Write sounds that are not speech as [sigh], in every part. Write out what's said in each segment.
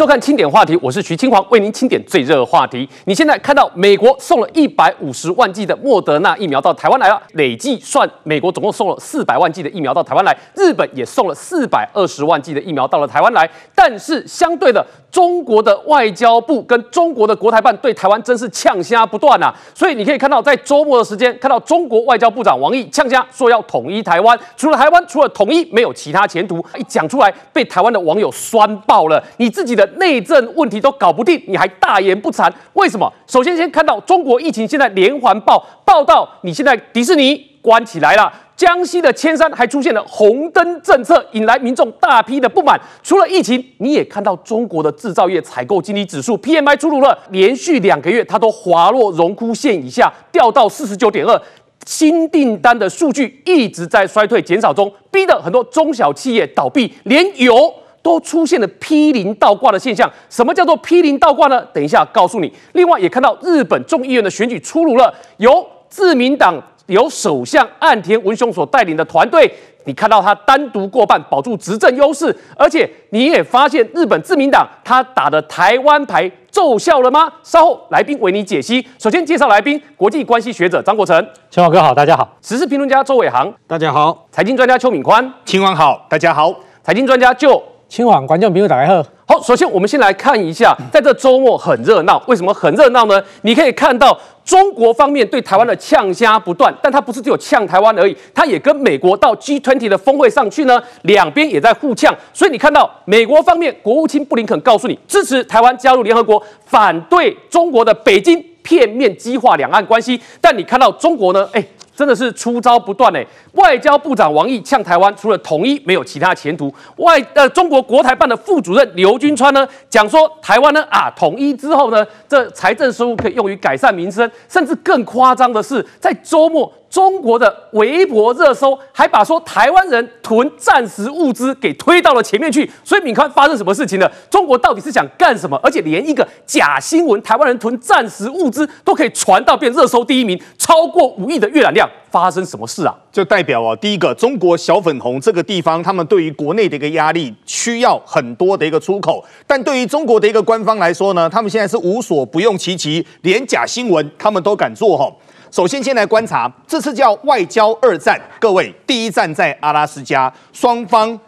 收看嶔點話題，我是徐嶔煌，為您嶔點最熱的話題。你現在看到美國送了一百五十萬劑的莫德納疫苗到台灣來了，累計算美國總共送了四百萬劑的疫苗到台灣來，日本也送了四百二十萬劑的疫苗到了台灣來。但是相對的，中國的外交部跟中國的國台辦對台灣真是嗆蝦不斷啊！所以你可以看到，在周末的時間，看到中國外交部長王毅嗆蝦說要統一台灣，除了台灣，除了統一沒有其他前途。一講出來，被台灣的網友酸爆了。你自己的。內政問題都搞不定，你還大言不慚？為什麼？首先，先看到中國疫情現在連環報報道，你現在迪士尼關起來了，江西的鉛山還出現了紅燈政策，引來民眾大批的不滿。除了疫情，你也看到中國的制造業採購經理指數 PMI 出爐了，連續兩個月它都滑落榮枯線以下，掉到四十九點二，新訂單的數據一直在衰退減少中，逼得很多中小企業倒閉，連油。都出現了批零倒掛的現象。什麼叫做批零倒掛呢？等一下告訴你。另外也看到日本眾議院的選舉出爐了，由自民黨由首相岸田文雄所帶領的團隊，你看到他單獨過半，保住執政優勢。而且你也發現日本自民黨他打的台灣牌奏效了嗎？稍後來賓為你解析。首先介紹來賓：國際關係學者張國城，嶔煌哥好，大家好；時事評論家周偉航，大家好；財經專家邱敏寬，嶔煌好，大家好；財經專家就。清往觀眾朋友，大家好。好，首先我們先來看一下，在這周末很熱鬧，為什麼很熱鬧呢？你可以看到中國方面對台灣的嗆聲不斷，但它不是只有嗆台灣而已，它也跟美國到 G20 的峰會上去呢，兩邊也在互嗆。所以你看到美國方面，國務卿布林肯告訴你支持台灣加入聯合國，反對中國的北京片面激化兩岸關係。但你看到中國呢？哎、欸。真的是出招不斷哎！外交部長王毅嗆台灣，除了統一沒有其他前途。外呃，中國國台辦的副主任劉軍川呢，講說台灣呢啊，統一之後呢，這財政收入可以用於改善民生，甚至更誇張的是，在周末中國的微博熱搜還把說台灣人囤戰時物資給推到了前面去。所以，敏寬發生什麼事情了？中國到底是想幹什麼？而且連一個假新聞，台灣人囤戰時物資都可以傳到變熱搜第一名，超過五億的閱覽量。發生什麼事啊？就代表哦，第一個，中國小粉紅這個地方，他們對於國內的一個壓力，需要很多的一個出口，但對於中國的一個官方來說呢，他們現在是無所不用其極，連假新聞他們都敢做吼、哦，首先，先來觀察，這次叫外交二戰，各位，第一站在阿拉斯加，雙方。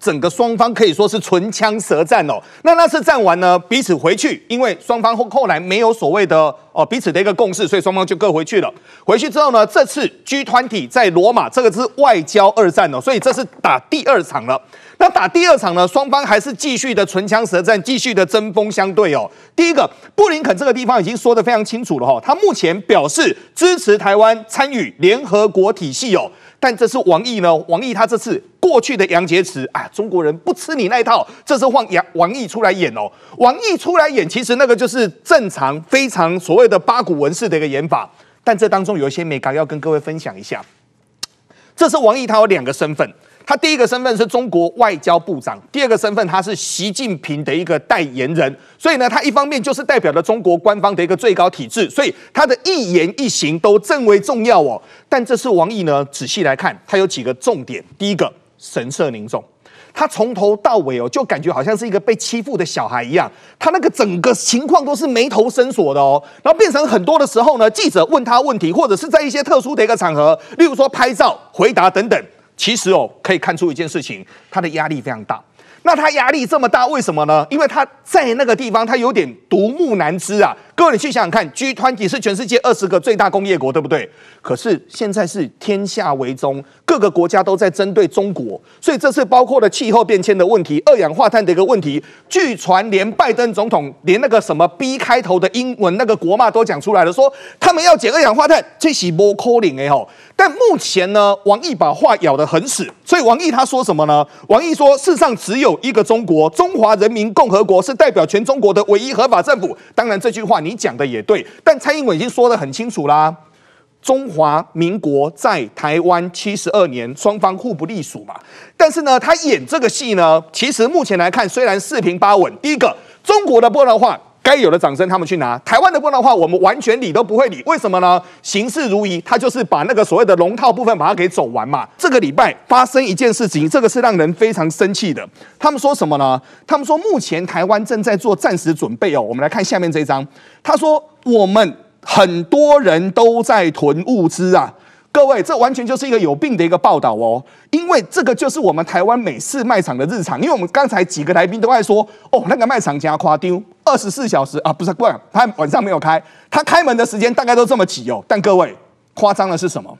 整個雙方可以說是唇槍舌戰哦。那那次戰完呢，彼此回去，因為雙方後後來沒有所謂的哦彼此的一個共識，所以雙方就各回去了。回去之後呢，這次 G20 在羅馬，這個是外交二戰哦，所以這是打第二場了。那打第二場呢，雙方還是繼續的唇槍舌戰，繼續的針鋒相對哦。第一個，布林肯這個地方已經說得非常清楚了哈、哦，他目前表示支持台灣參與聯合國體系哦。但這次王毅呢？王毅他這次過去的楊潔篪，啊，中國人不吃你那一套。這是換楊王毅出來演哦，王毅出來演，其實那個就是正常、非常所謂的八股文式的一個演法。但這當中有一些美感要跟各位分享一下。這是王毅，他有兩個身份。他第一個身份是中國外交部長，第二個身份他是習近平的一個代言人，所以呢，他一方面就是代表了中國官方的一個最高體制，所以他的一言一行都甚為重要哦。但這次王毅呢，仔細來看，他有幾個重點：第一個，神色凝重，他從頭到尾哦，就感覺好像是一個被欺負的小孩一樣，他那個整個情況都是眉頭深鎖的哦。然後變成很多的時候呢，記者問他問題，或者是在一些特殊的一個場合，例如說拍照、回答等等。其實哦，可以看出一件事情，他的壓力非常大。那他壓力這麼大，為什麼呢？因為他在那個地方，他有點獨木難支啊。各位，你去想想看，G20 是全世界二十個最大工業國，對不對？可是現在是天下為中，各個國家都在針對中國，所以這次包括了氣候變遷的問題、二氧化碳的一個問題。據傳，連拜登總統、連那個什麼 B 開頭的英文那個國罵都講出來了說，說他們要解二氧化碳，這是不可能的、哦、但目前呢，王毅把話咬得很死，所以王毅他說什麼呢？王毅說：世上只有一個中國，中華人民共和國是代表全中國的唯一合法政府。當然，這句話你。你講的也對，但蔡英文已經說的很清楚啦，中華民國在台灣七十二年，雙方互不隸屬嘛。但是呢，他演這個戲呢，其實目前來看，雖然四平八穩。第一個，中國的波蘭話。該有的掌聲他們去拿，台灣的部分的話我們完全理都不會理。為什麼呢？形式如一，他就是把那個所謂的龍套部分把它給走完嘛。這個禮拜發生一件事情，這個是讓人非常生氣的。他們說什麼呢？他們說目前台灣正在做戰時準備哦。我們來看下面這一張，他說我們很多人都在囤物資啊。各位，這完全就是一個有病的一個報道哦！因為這個就是我們台灣美式賣場的日常，因為我們剛才幾個來賓都在說，哦，那個賣場加誇張，二十四小時啊，不是不，他晚上沒有開，他開門的時間大概都這麼急哦。但各位誇張的是什麼？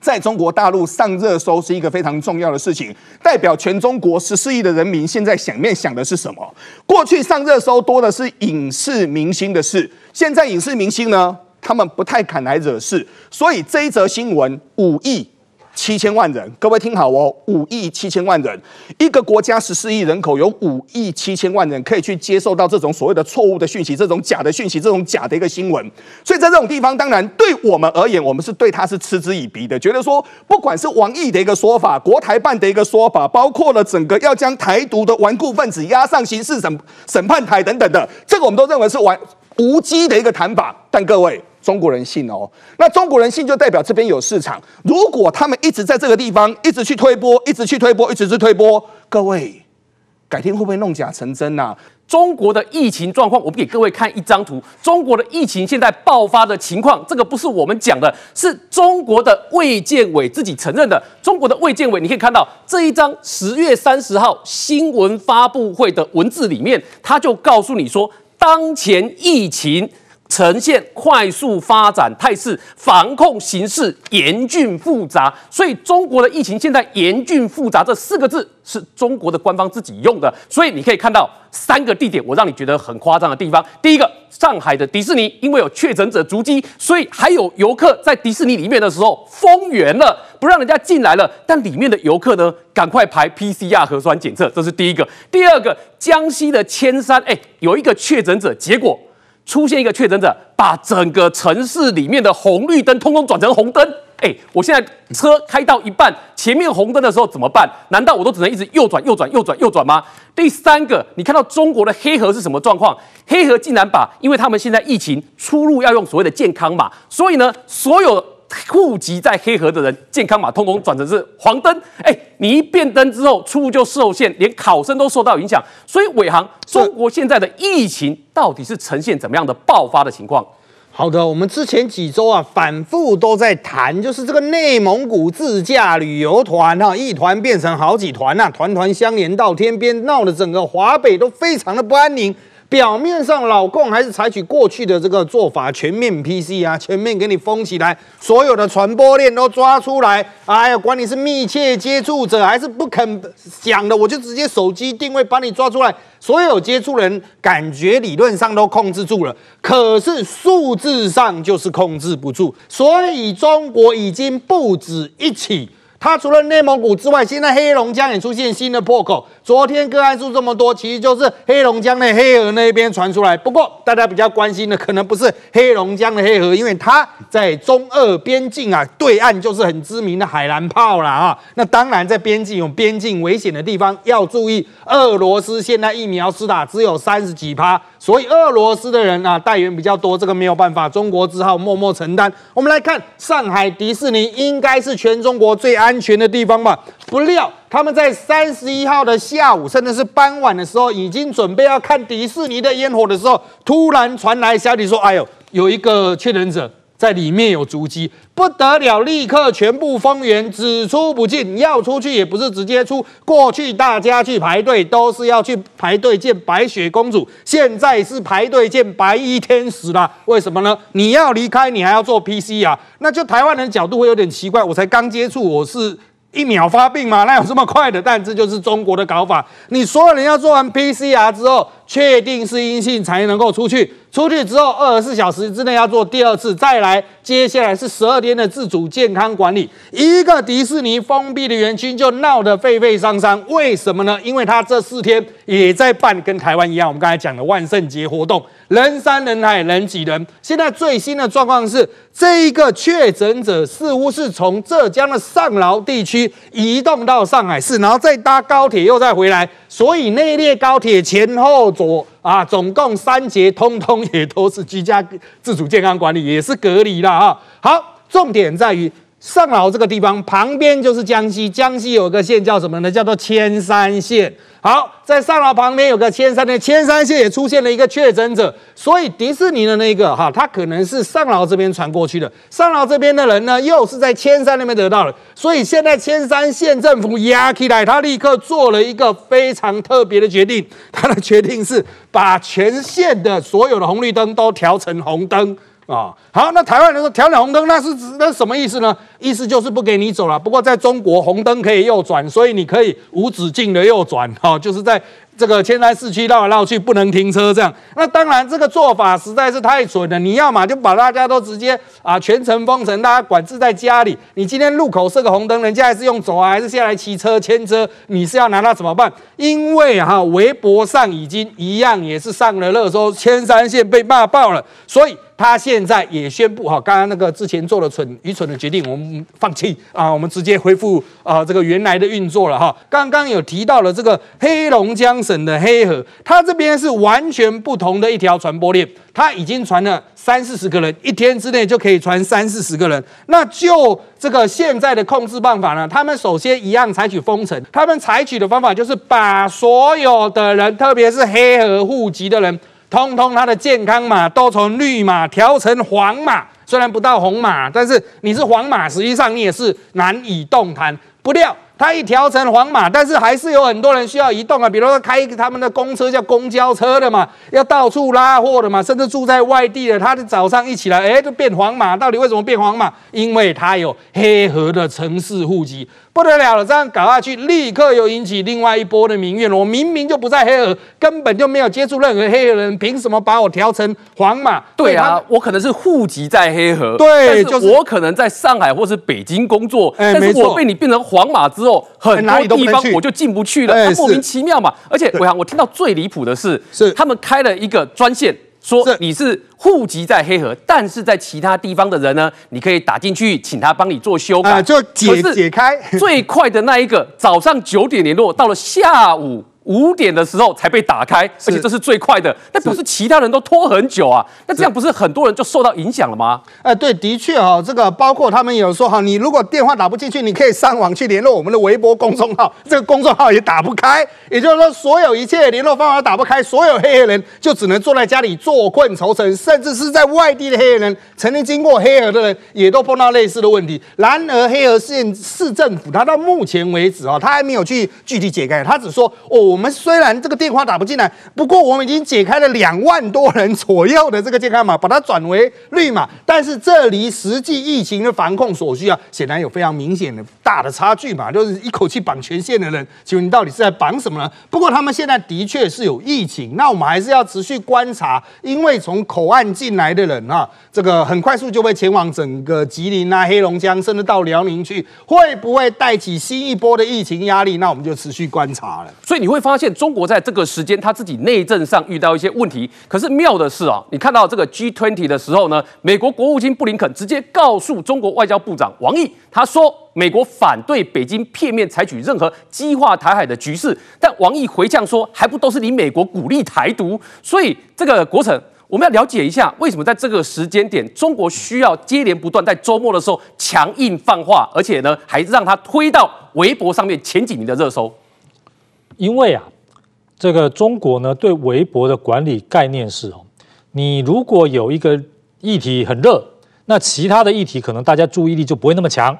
在中國大陸上熱搜是一個非常重要的事情，代表全中國十四億的人民現在想面想的是什麼？過去上熱搜多的是影視明星的事，現在影視明星呢？他們不太敢來惹事，所以這一則新聞五億七千萬人，各位聽好哦，五億七千萬人，一個國家十四億人口有五億七千萬人可以去接受到這種所謂的錯誤的訊息，這種假的訊息，這種假的一個新聞。所以在這種地方，當然對我們而言，我們是對他是嗤之以鼻的，覺得說，不管是王毅的一個說法，國台辦的一個說法，包括了整個要將台獨的頑固分子押上刑事審審判台等等的，這個我們都認為是完。無稽的一個談法，但各位中國人信哦，那中國人信就代表這邊有市場。如果他們一直在這個地方一直去推波，一直去推波，一直去推波，各位，改天會不會弄假成真呢？啊？中國的疫情狀況，我們給各位看一張圖，中國的疫情現在爆發的情況，這個不是我們講的，是中國的衛健委自己承認的。中國的衛健委，你可以看到這一張十月三十號新聞發布會的文字裡面，他就告訴你說。當前疫情，呈現快速發展態勢，防控形勢嚴峻複雜，所以中國的疫情現在嚴峻複雜這四個字是中國的官方自己用的，所以你可以看到三個地點，我讓你覺得很誇張的地方。第一個，上海的迪士尼，因為有確診者足跡，所以還有遊客在迪士尼裡面的時候封園了，不讓人家進來了。但裡面的遊客呢，趕快排 PCR 核酸檢測，這是第一個。第二個，江西的鉛山，哎，有一個確診者，結果。出現一個確診者，把整個城市裡面的紅綠燈通通轉成紅燈。哎、欸，我現在車開到一半，前面紅燈的時候怎麼辦？難道我都只能一直右轉、右轉、右轉、右轉嗎？第三個，你看到中國的黑河是什麼狀況？黑河竟然把，因為他們現在疫情出入要用所謂的健康碼，所以呢，所有。戶籍在黑河的人健康碼通通轉成是黃燈，誒、欸，你一變燈之後出入就受限，連考生都受到影響。所以偉航，中國現在的疫情到底是呈現怎麼樣的爆發的情況？好的，我們之前幾周啊，反覆都在談，就是這個內蒙古自駕旅遊團哈，一團變成好幾團吶、啊，團團相連到天邊，鬧得整個華北都非常的不安寧。表面上，老共還是採取過去的這個做法，全面 PC 啊，全面給你封起來，所有的傳播鏈都抓出來。哎呀，管你是密切接觸者還是不肯講的，我就直接手機定位把你抓出來。所有接觸人感覺理論上都控制住了，可是數字上就是控制不住。所以，中國已經不止一起。它除了內蒙古之外，現在黑龍江也出現新的破口。昨天個案數這麼多，其實就是黑龍江的黑河那邊傳出來。不過大家比較關心的，可能不是黑龍江的黑河，因為它在中俄邊境啊，對岸就是很知名的海蘭泡了啊。那當然，在邊境有邊境危險的地方要注意。俄羅斯現在疫苗施打只有三十幾趴。所以俄羅斯的人啊，代言比較多，這個沒有辦法。中國只好默默承擔。我們來看上海迪士尼，應該是全中國最安全的地方吧？不料，他們在三十一號的下午，甚至是傍晚的時候，已經準備要看迪士尼的煙火的時候，突然傳來消息說：“哎呦，有一個確診者。”在裡面有足跡，不得了，立刻全部封園，只出不進，要出去也不是直接出。過去大家去排隊都是要去排隊見白雪公主，現在是排隊見白衣天使啦，為什麼呢？你要離開，你還要做 PCR？那就台灣人的角度會有點奇怪。我才剛接觸，我是一秒發病嘛？那有這麼快的？但這就是中國的搞法，你所有人要做完 PCR 之後。確定是陰性才能夠出去，出去之後二十四小時之內要做第二次，再來，接下來是十二天的自主健康管理。一個迪士尼封閉的園區就鬧得沸沸揚揚，為什麼呢？因為它這四天也在辦，跟台灣一樣，我們剛才講的萬聖節活動，人山人海，人擠人。現在最新的狀況是，這一個確診者似乎是從浙江的上饒地區移動到上海市，然後再搭高鐵又再回來，所以那列高鐵前後，左啊，總共三節，通通也都是居家自主健康管理，也是隔離了啊。好，重點在於。上饒這個地方旁邊就是江西，江西有個縣叫什麼呢？叫做鉛山縣。好，在上饒旁邊有個鉛山的，鉛山縣也出現了一個確診者，所以迪士尼的那個哈，他可能是上饒這邊傳過去的。上饒這邊的人呢，又是在鉛山那邊得到了，所以現在鉛山縣政府壓起來，他立刻做了一個非常特別的決定，他的決定是把全縣的所有的紅綠燈都調成紅燈。啊、哦，好，那台灣人說調轉紅燈，那是指那是什麼意思呢？意思就是不給你走了。不過在中國，紅燈可以右轉，所以你可以無止境的右轉，哈，就是在這個千山市區繞來繞去，不能停車這樣。那當然，這個做法實在是太蠢了。你要嘛就把大家都直接啊，全程封城，大家管制在家裡。你今天路口設個紅燈，人家還是用走啊，還是下來騎車、牽車，你是要拿它怎麼辦？因為哈，微博上已經一樣也是上了熱搜，千山縣被罵爆了，所以他現在也宣布，哈，剛剛那個之前做的蠢、愚蠢的決定，我們。嗯、放棄啊！我們直接恢復啊，這個原來的運作了哈。剛剛有提到了這個黑龍江省的黑河，它這邊是完全不同的一條傳播鏈，它已經傳了三四十個人，一天之內就可以傳三四十個人。那就這個現在的控制辦法呢，他們首先一樣採取封城，他們採取的方法就是把所有的人，特別是黑河戶籍的人，通通他的健康碼都從綠碼調成黃碼。雖然不到紅碼，但是你是黃碼，實際上你也是難以動彈。不料他一調成黃碼，但是還是有很多人需要移動啊，比如說，開他們的公車叫公交車的嘛，要到處拉貨的嘛，甚至住在外地的，他的早上一起來，誒、欸、就變黃碼。到底為什麼變黃碼？因為他有黑河的城市戶籍。不得了了，這樣搞下去，立刻又引起另外一波的民怨。我明明就不在黑河，根本就沒有接觸任何黑河人，憑什麼把我調成黃碼？對啊，我可能是戶籍在黑河，對，但是我可能在上海或是北京工作，欸、但是我被你變成黃碼之後，欸，很多地方我就進不去了，欸不去啊，莫名其妙嘛。欸、而且，我我聽到最離譜的是，是他們開了一個專線。說你是戶籍在黑河，但是在其他地方的人呢，你可以打進去，請他幫你做修改，呃、就解可是解開 [laughs] 最快的那一個，早上九點聯絡，到了下午。五點的時候才被打開，而且這是最快的。那不是其他人都拖很久啊？那這樣不是很多人就受到影響了嗎？哎、呃，對，的確哈、哦，這個包括他們有說哈，你如果電話打不進去，你可以上網去聯絡我們的微博公衆號。這個公衆號也打不開，也就是說，所有一切聯絡方法打不開，所有黑、黑河人就只能坐在家裡坐困愁城，甚至是在外地的黑、黑河人，曾經經過黑河的人也都碰到類似的問題。然而，黑河縣市政府他到目前為止啊，他還沒有去具體解開，他只說哦。我們雖然這個電話打不進來，不過我們已經解開了兩萬多人左右的這個健康碼，把它轉為綠碼。但是這離實際疫情的防控所需啊，顯然有非常明顯的大的差距嘛，就是一口氣綁全縣的人，請問你到底是在綁什麼呢？不過他們現在的確是有疫情，那我們還是要持續觀察，因為從口岸進來的人啊，這個很快速就會前往整個吉林啊、黑龍江，甚至到遼寧去，會不會帶起新一波的疫情壓力？那我們就持續觀察了。所以你會。發現中國在這個時間他自己內政上遇到一些問題，可是妙的是啊，你看到這個 G20 的時候呢，美國國務卿布林肯直接告訴中國外交部長王毅，他說美國反對北京片面採取任何激化台海的局勢，但王毅回嗆說還不都是你美國鼓勵台獨？所以這個過程我們要了解一下，為什麼在這個時間點中國需要接連不斷在週末的時候強硬放話，而且呢還讓他推到微博上面前幾名的熱搜。因為啊，這個中國呢，對微博的管理概念是哦，你如果有一個議題很熱，那其他的議題可能大家注意力就不會那麼強。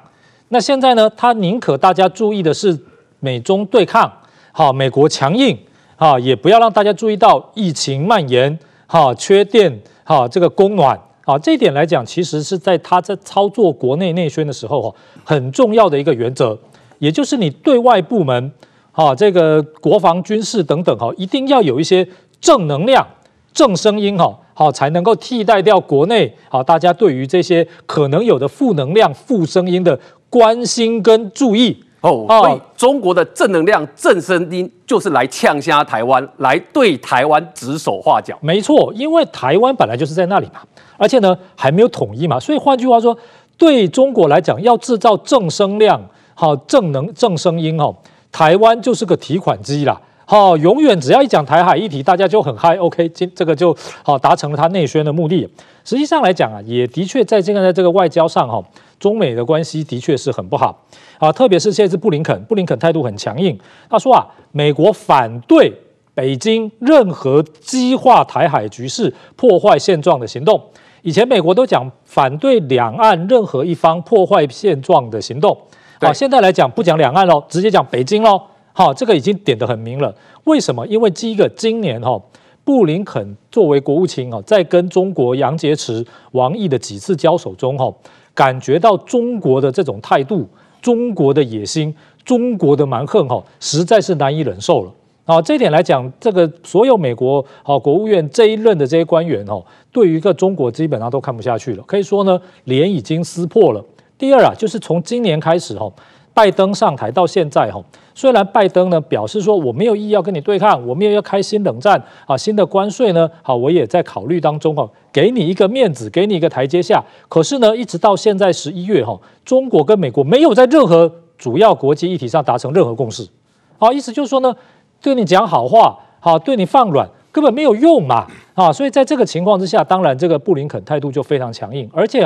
那現在呢，他寧可大家注意的是美中對抗，哈，美國強硬，哈，也不要讓大家注意到疫情蔓延，哈，缺電，哈，這個供暖，啊，這一點來講，其實是在他在操作國內內宣的時候哈，很重要的一個原則，也就是你對外部門。好、啊，這個國防軍事等等，哈，一定要有一些正能量、正聲音，哈、啊，好才能夠替代掉國內、啊，大家對於這些可能有的負能量、負聲音的關心跟注意，哦，所以、啊、中國的正能量、正聲音就是來嗆瞎台灣，來對台灣指手畫腳。沒錯，因為台灣本來就是在那裡嘛，而且呢還沒有統一嘛，所以換句話說，對中國來講，要製造正聲量、好、啊、正能、正聲音，哦、啊。台灣就是個提款機啦，好，永遠只要一講台海議題，大家就很嗨。OK，這這個就好達成了他內宣的目的。實際上來講啊，也的確在這個在這個外交上哈，中美的關係的確是很不好啊。特別是現在是布林肯，布林肯態度很強硬，他說啊，美國反對北京任何激化台海局勢、破壞現狀的行動。以前美國都講反對兩岸任何一方破壞現狀的行動。好，現在來講不講兩岸嘍，直接講北京嘍。好，這個已經點得很明了。為什麼？因為第一個，今年哈，布林肯作為國務卿在跟中國楊潔篪、王毅的幾次交手中哈，感覺到中國的這種態度、中國的野心、中國的蠻橫哈，實在是難以忍受了。好，這一點來講，這個所有美國哈國務院這一任的這些官員哦，對於一個中國基本上都看不下去了，可以說呢，臉已經撕破了。第二啊，就是從今年開始，拜登上台到現在，雖然拜登呢表示說我沒有意要跟你對抗，我沒有要開新冷戰啊，新的關稅呢，好我也在考慮當中，給你一個面子，給你一個台階下。可是呢，一直到現在十一月哈，中國跟美國沒有在任何主要國際議題上達成任何共識。意思就是說呢，對你講好話，對你放軟，根本沒有用嘛啊。所以在這個情況之下，當然這個布林肯態度就非常強硬，而且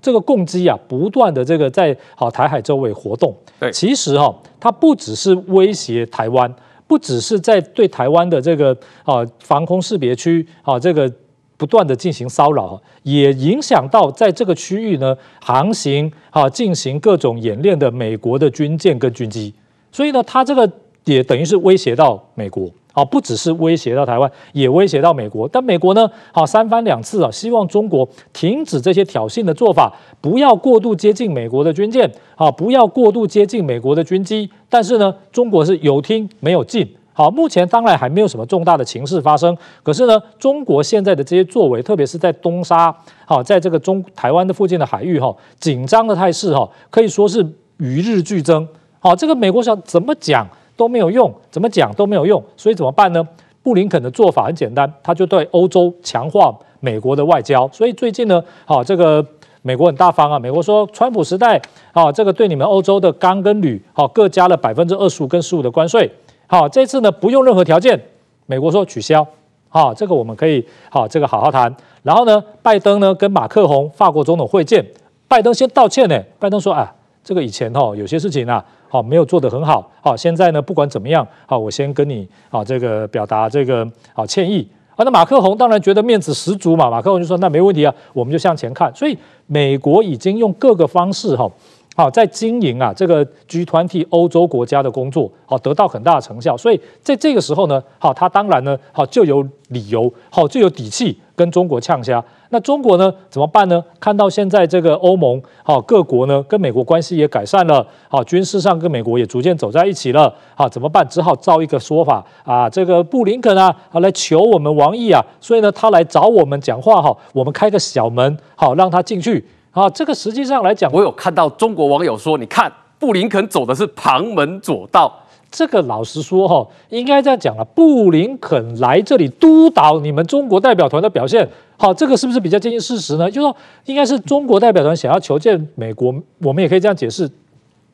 這個共機啊，不斷的這個在好台海周圍活動。其實啊，它不只是威脅台灣，不只是在對台灣的這個啊防空識別區啊這個不斷的進行騷擾，啊，也影響到在這個區域呢航行啊進行各種演練的美國的軍艦跟軍機。所以呢，它這個也等於是威脅到美國。啊，不只是威脅到台灣，也威脅到美國。但美國呢，好三番兩次啊，希望中國停止這些挑釁的做法，不要過度接近美國的軍艦，好，不要過度接近美國的軍機。但是呢，中國是有聽沒有進。好，目前當然還沒有什麼重大的情勢發生。可是呢，中國現在的這些作為，特別是在東沙，好，在這個中台灣的附近的海域哈，緊張的態勢哈，可以說是與日俱增。好，這個美國想怎麼講，都沒有用，怎麼講都沒有用，所以怎麼辦呢？布林肯的做法很簡單，他就對歐洲強化美國的外交。所以最近呢，好、哦、這個美國很大方啊，美國說川普時代，啊、哦，這個對你們歐洲的鋼跟鋁，好、哦、各加了百分之二十五跟十五的關稅，好、哦、這次呢不用任何條件，美國說取消，好、哦、這個我們可以好、哦、這個好好談。然後呢，拜登呢跟馬克宏法國總統會見，拜登先道歉呢，拜登說啊、哎、這個以前哈、哦、有些事情啊。好，沒有做得很好。好，現在呢，不管怎麼樣，好，我先跟你好，這個表達這個好，歉意。啊，那馬克宏當然覺得面子十足嘛。馬克宏就說，那沒問題啊，我們就向前看。所以美國已經用各個方式哈，好在經營啊這個 G20 歐洲國家的工作，好得到很大的成效。所以在這個時候呢，好，他當然呢，好就有理由，好就有底氣，跟中國嗆蝦，那中國呢？怎麼辦呢？看到現在這個歐盟，好各國呢，跟美國關係也改善了，好軍事上跟美國也逐漸走在一起了，好怎麼辦？只好造一個說法啊，這個布林肯啊，好來求我們王毅啊，所以呢，他來找我們講話哈，我們開個小門，好讓他進去啊。這個實際上來講，我有看到中國網友說，你看布林肯走的是旁門左道。這個老實說哈、哦，應該這樣講了。布林肯來這裡督導你們中國代表團的表現，好、哦，這個是不是比較接近事實呢？就是說應該是中國代表團想要求見美國，我們也可以這樣解釋，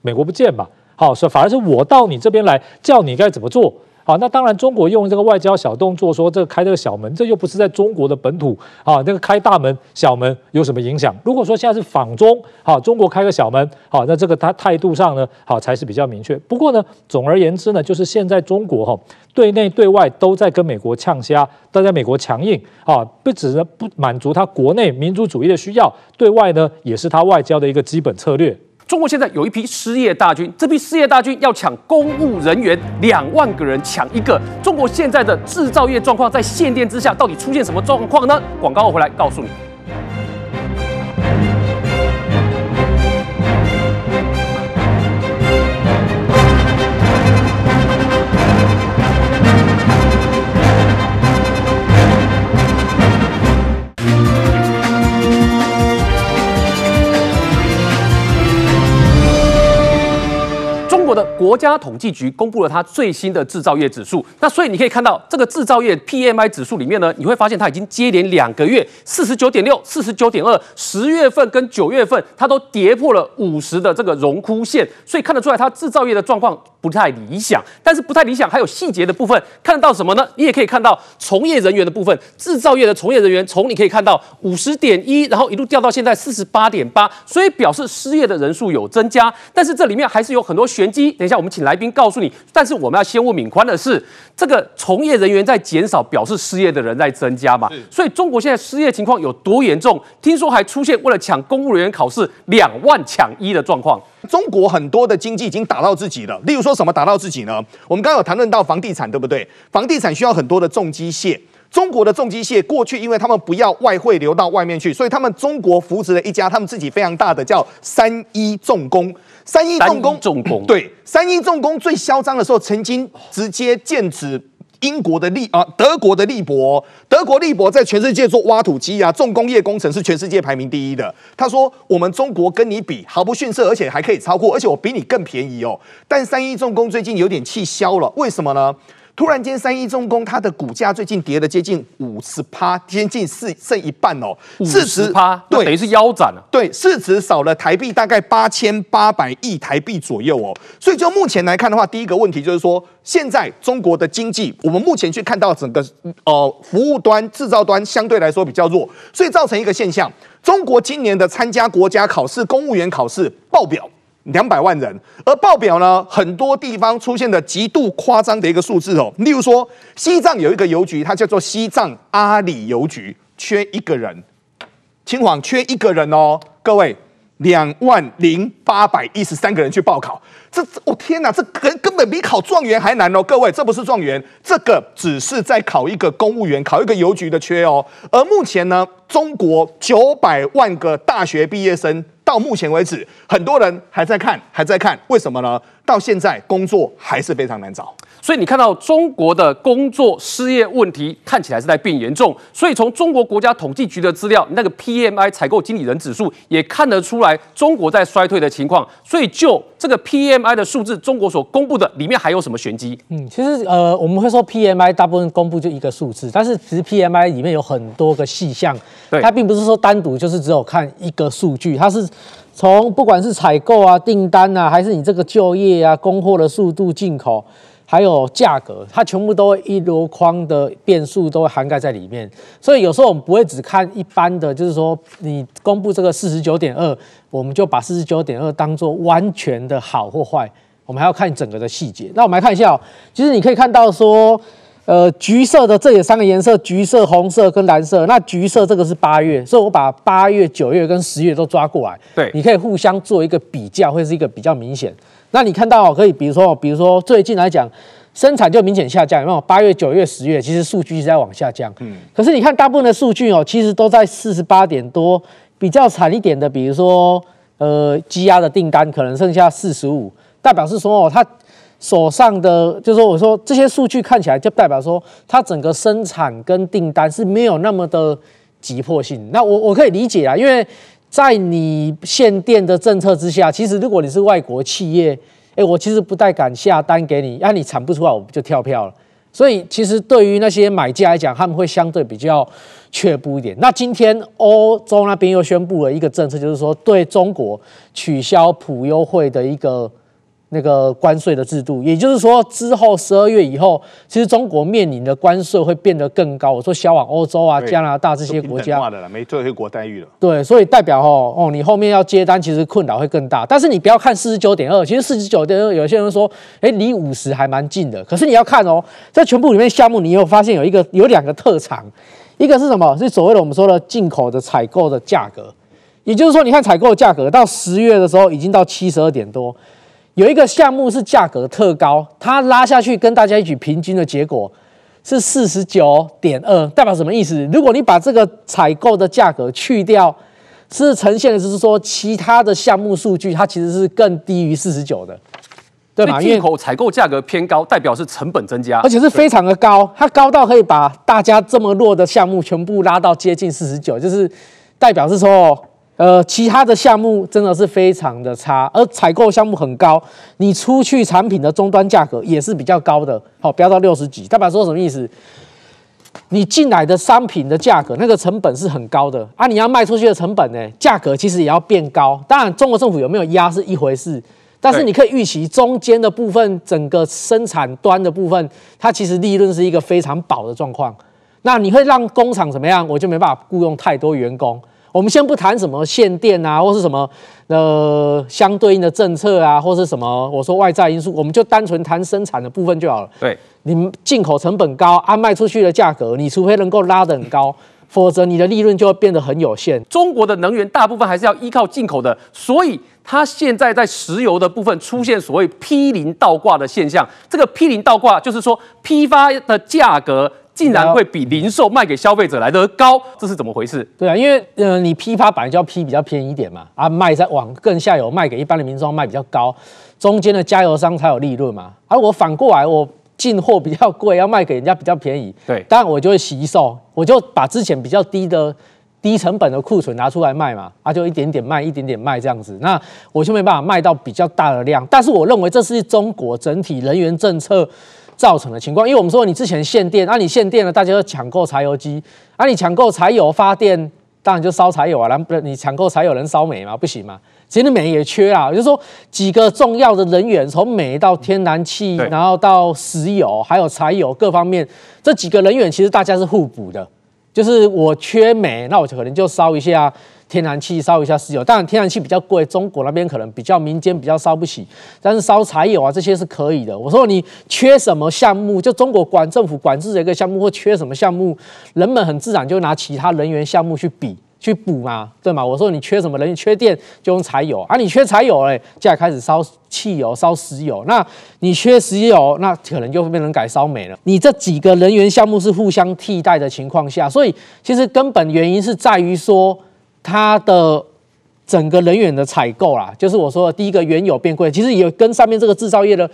美國不見吧，好、哦，反而是我到你這邊來，叫你該怎麼做。好，那當然，中國用這個外交小動作說這個、開這個小門，這又不是在中國的本土啊，那個開大門、小門有什麼影響？如果說現在是訪中，啊中國開個小門，好、啊，那這個他態度上呢，好、啊、才是比較明確。不過呢，總而言之呢，就是現在中國哈、哦，對內對外都在跟美國嗆蝦，但在美國強硬啊，不止呢，不滿足他國內民族主、主義的需要，對外呢也是他外交的一個基本策略。中國現在有一批失業大軍，這批失業大軍要搶公務人員，兩萬個人搶一個。中國現在的製造業狀況在限電之下，到底出現什麼狀況呢？廣告我回來告訴你。國家統計局公布了它最新的製造業指數，那所以你可以看到這個製造業 PMI 指數裡面呢，你會發現它已經接連兩個月四十九點六、四十九點二，十月份跟九月份它都跌破了五十的這個榮枯線，所以看得出來它製造業的狀況不太理想。但是不太理想，還有細節的部分看到什麼呢？你也可以看到從業人員的部分，製造業的從業人員從你可以看到五十點一，然後一路掉到現在四十八點八，所以表示失業的人數有增加。但是這裡面還是有很多玄機，等一下。我們請來賓告訴你，但是我們要先問敏寬的是，這個從業人員在減少，表示失業的人在增加嘛？所以中國現在失業情況有多嚴重？聽說還出現為了搶公務人員考試，兩萬搶一的狀況。中國很多的經濟已經打到自己了，例如說什麼打到自己呢？我們剛剛有談論到房地產，對不對？房地產需要很多的重機械，中國的重機械過去因為他們不要外匯流到外面去，所以他們中國扶持了一家他們自己非常大的叫三一重工。三一重工，重工對三一重工最囂張的時候，曾經直接劍指英國的利啊，德國的利博。德國利博在全世界做挖土機啊，重工業工程是全世界排名第一的。他說，我們中國跟你比毫不遜色，而且還可以超過，而且我比你更便宜哦。但三一重工最近有點氣消了，為什麼呢？突然間，三一重工它的股價最近跌了接近五十趴，接近四剩一半哦，五十趴，四十趴，對，等於是腰斬了。對，市值少了台幣大概八千八百億台幣左右哦。所以就目前來看的話，第一個問題就是說，現在中國的經濟，我們目前去看到整個呃服務端、製造端相對來說比較弱，所以造成一個現象：中國今年的參加國家考試、公務員考試爆表。兩百萬人，而報表呢，很多地方出現的極度誇張的一個數字哦。例如說，西藏有一個郵局，它叫做西藏阿里郵局，缺一個人，清華缺一個人哦。各位，兩萬零八百一十三個人去報考，這我、哦、天啊，這根根本比考狀元還難哦。各位，這不是狀元，這個只是在考一個公務員，考一個郵局的缺哦。而目前呢，中國九百萬個大學畢業生。到目前為止，很多人還在看，還在看，為什麼呢？到現在工作還是非常難找，所以你看到中國的工作失業問題看起來是在變嚴重，所以從中國國家統計局的資料，那個 PMI 採購經理人指數也看得出來中國在衰退的情況。所以就這個 PMI 的數字，中國所公布的裡面還有什麼玄機？嗯，其實呃，我們會說 PMI 大部分公布就一個數字，但是其實 PMI 裡面有很多個細項，它並不是說單獨就是只有看一個數據，它是。從不管是採購啊、訂單啊，還是你這個就業啊、供貨的速度、進口，還有價格，它全部都一籮筐的變數都涵蓋在裡面。所以有時候我們不會只看一般的，就是說你公布這個四十九點二，我們就把四十九點二當做完全的好或壞，我們還要看整個的細節。那我們來看一下，其實你可以看到說。呃，橘色的，這有三個顏色，橘色、紅色跟藍色。那橘色這個是八月，所以我把八月、九月跟十月都抓過來。對，你可以互相做一個比較，會是一個比較明顯。那你看到可以，比如說，比如說最近來講，生產就明顯下降。有沒有？八月、九月、十月，其實數據是在往下降。嗯，可是你看大部分的數據哦，其實都在四十八點多。比較慘一點的，比如說，呃，積壓的訂單可能剩下四十五，代表是說哦，它。手上的就是說，我說這些數據看起來就代表說，它整個生產跟訂單是沒有那麼的急迫性。那我我可以理解啊，因為在你限電的政策之下，其實如果你是外國企業，哎，我其實不太敢下單給你啊，那你產不出來，我們就跳票了。所以其實對於那些買家來講，他們會相對比較卻步一點。那今天歐洲那邊又宣布了一個政策，就是說對中國取消普優惠的一個。那個關稅的制度，也就是說，之後十二月以後，其實中國面臨的關稅會變得更高。我說銷往歐洲啊、加拿大這些國家，對，沒最惠國待遇了。對，所以代表哦哦，你後面要接單，其實困擾會更大。但是你不要看四十九點二，其實四十九點二，有些人說，哎，離五十還蠻近的。可是你要看哦、喔，在全部裡面項目，你有發現有一個有兩個特長，一個是什麼？是所謂的我們說的進口的採購的價格，也就是說，你看採購的價格到十月的時候已經到七十二點多。有一個項目是價格特高，它拉下去跟大家一起平均的結果是四十九點二，代表什麼意思？如果你把這個採購的價格去掉，是呈現的就是說其他的項目數據它其實是更低於四十九的，對吧？因為進口採購價格偏高，代表是成本增加，而且是非常的高，它高到可以把大家這麼弱的項目全部拉到接近四十九，就是代表是說。呃，其他的項目真的是非常的差，而採購項目很高，你出去產品的終端價格也是比較高的，好，飆到六十幾。代表說什麼意思？你進來的商品的價格那個成本是很高的啊，你要賣出去的成本呢，價格其實也要變高。當然，中國政府有沒有壓是一回事，但是你可以預期中間的部分，整個生產端的部分，它其實利潤是一個非常薄的狀況。那你會讓工廠怎麼樣？我就沒辦法雇傭太多員工。我們先不談什麼限電啊，或是什麼呃相對應的政策啊，或是什麼我說外在因素，我們就單純談生產的部分就好了。對，你進口成本高啊，賣出去的價格，你除非能夠拉得很高，否則你的利潤就會變得很有限。中國的能源大部分還是要依靠進口的，所以它現在在石油的部分出現所謂批零倒掛的現象。這個批零倒掛就是說批發的價格竟然會比零售賣給消費者來得高，這是怎麼回事？對啊，因為呃，你批發本來就要批比較便宜一點嘛，啊，賣再往更下游賣給一般的民眾賣比較高，中間的加油商才有利潤嘛。而、啊、我反過來，我進貨比較貴，要賣給人家比較便宜，對，當然我就會吸收，我就把之前比較低的低成本的庫存拿出來賣嘛，啊，就一點點賣，一點點賣這樣子，那我就沒辦法賣到比較大的量。但是我認為這是中國整體能源政策。造成的情況，因為我們說你之前限電，那、啊、你限電了，大家就搶購柴油機，那、啊、你搶購柴油發電，當然就燒柴油啊，然不然？你搶購柴油能燒煤嗎？不行嗎？其實你煤也缺啊，也就是說幾個重要的能源，從煤到天然氣，然後到石油，還有柴油，各方面，這幾個能源其實大家是互補的，就是我缺煤，那我可能就燒一下。天然氣燒一下石油，當然天然氣比較貴，中國那邊可能比較民間比較燒不起，但是燒柴油啊這些是可以的。我說你缺什麼項目，就中國管政府管制的一個項目或缺什麼項目，人們很自然就拿其他能源項目去比去補嘛，對嗎？我說你缺什麼能源，缺電就用柴油啊，你缺柴油哎、欸，現在開始燒汽油燒石油，那你缺石油，那可能就變成改燒煤了。你這幾個能源項目是互相替代的情況下，所以其實根本原因是在於說。它的整個能源的採購啦，就是我說的第一個原油變貴，其實也跟上面這個制造業的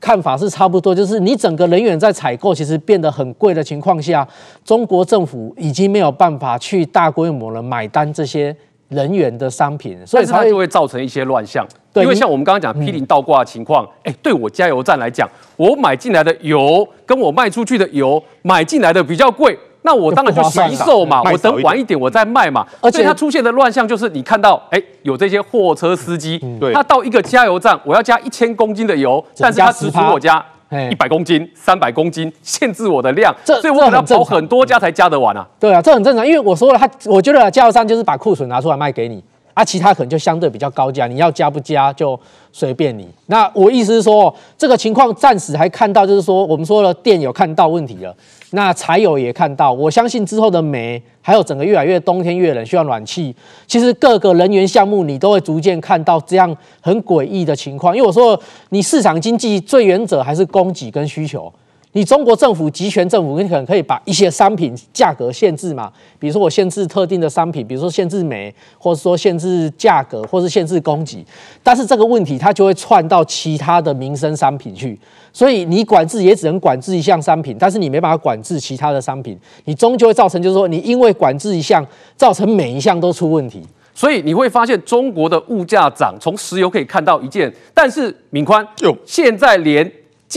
看法是差不多，就是你整個能源在採購其實變得很貴的情況下，中國政府已經沒有辦法去大規模的買單這些能源的商品，所以它就會造成一些亂象。對，因為像我們剛剛講批零倒掛的情況，哎、嗯欸，對我加油站來講，我買進來的油跟我賣出去的油，買進來的比較貴。那我當然就惜售嘛，我等晚一點我再賣嘛。而且所以它出現的亂象就是，你看到哎、欸、有這些貨車司機、嗯嗯，他到一個加油站，我要加一千公斤的油，但是他只給我加一百公斤、三百公斤，限制我的量，所以我可能要跑很多家才加得完啊。對啊，這很正常，因為我說了，他我覺得加油站就是把庫存拿出來賣給你。啊，其他可能就相對比較高價，你要加不加就隨便你。那我意思是說，這個情況暫時還看到，就是說我們說了電有看到問題了，那柴油也看到，我相信之後的煤還有整個越來越冬天越冷需要暖氣，其實各個能源項目你都會逐漸看到這樣很詭異的情況，因為我說你市場經濟最原則還是供給跟需求。你中國政府集權政府，你可能可以把一些商品價格限制嘛，比如說我限制特定的商品，比如說限制煤，或者說限制價格，或是限制供給。但是這個問題它就會串到其他的民生商品去，所以你管制也只能管制一項商品，但是你沒辦法管制其他的商品，你終究會造成就是說你因為管制一項，造成每一項都出問題。所以你會發現中國的物價漲，從石油可以看到一件，但是敏寬，現在連。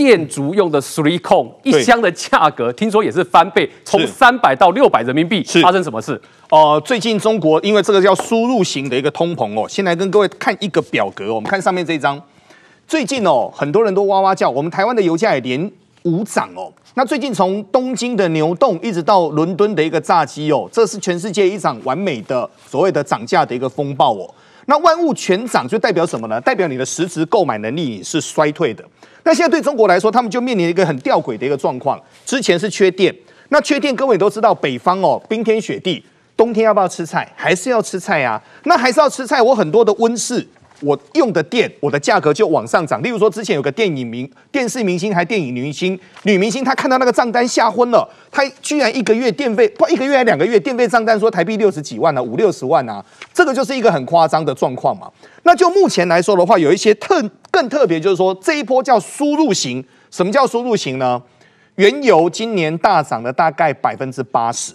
建築用的 three cone 一箱的價格，聽說也是翻倍，從三百到六百人民幣。是發生什麼事？哦、呃，最近中國因為這個叫輸入型的一個通膨哦，先來跟各位看一個表格。我們看上面這一張，最近哦，很多人都哇哇叫，我們台灣的油價也連五漲哦。那最近從東京的牛洞一直到倫敦的一個炸雞哦，這是全世界一場完美的所謂的漲價的一個風暴哦。那萬物全漲就代表什麼呢？代表你的實質購買能力是衰退的。那現在對中國來說，他們就面臨一個很吊詭的一個狀況：之前是缺電，那缺電，各位都知道，北方哦，冰天雪地，冬天要不要吃菜？還是要吃菜啊？那還是要吃菜。我很多的溫室。我用的電，我的價格就往上漲。例如說，之前有個電影明、電視明星，還電影女明星、女明星，她看到那個賬單嚇昏了。她居然一個月電費，不，一個月還兩個月電費賬單說台幣六十幾萬呢、啊，五六十萬啊！這個就是一個很誇張的狀況嘛。那就目前來說的話，有一些特更特別，就是說這一波叫輸入型。什麼叫輸入型呢？原油今年大漲了大概百分之八十，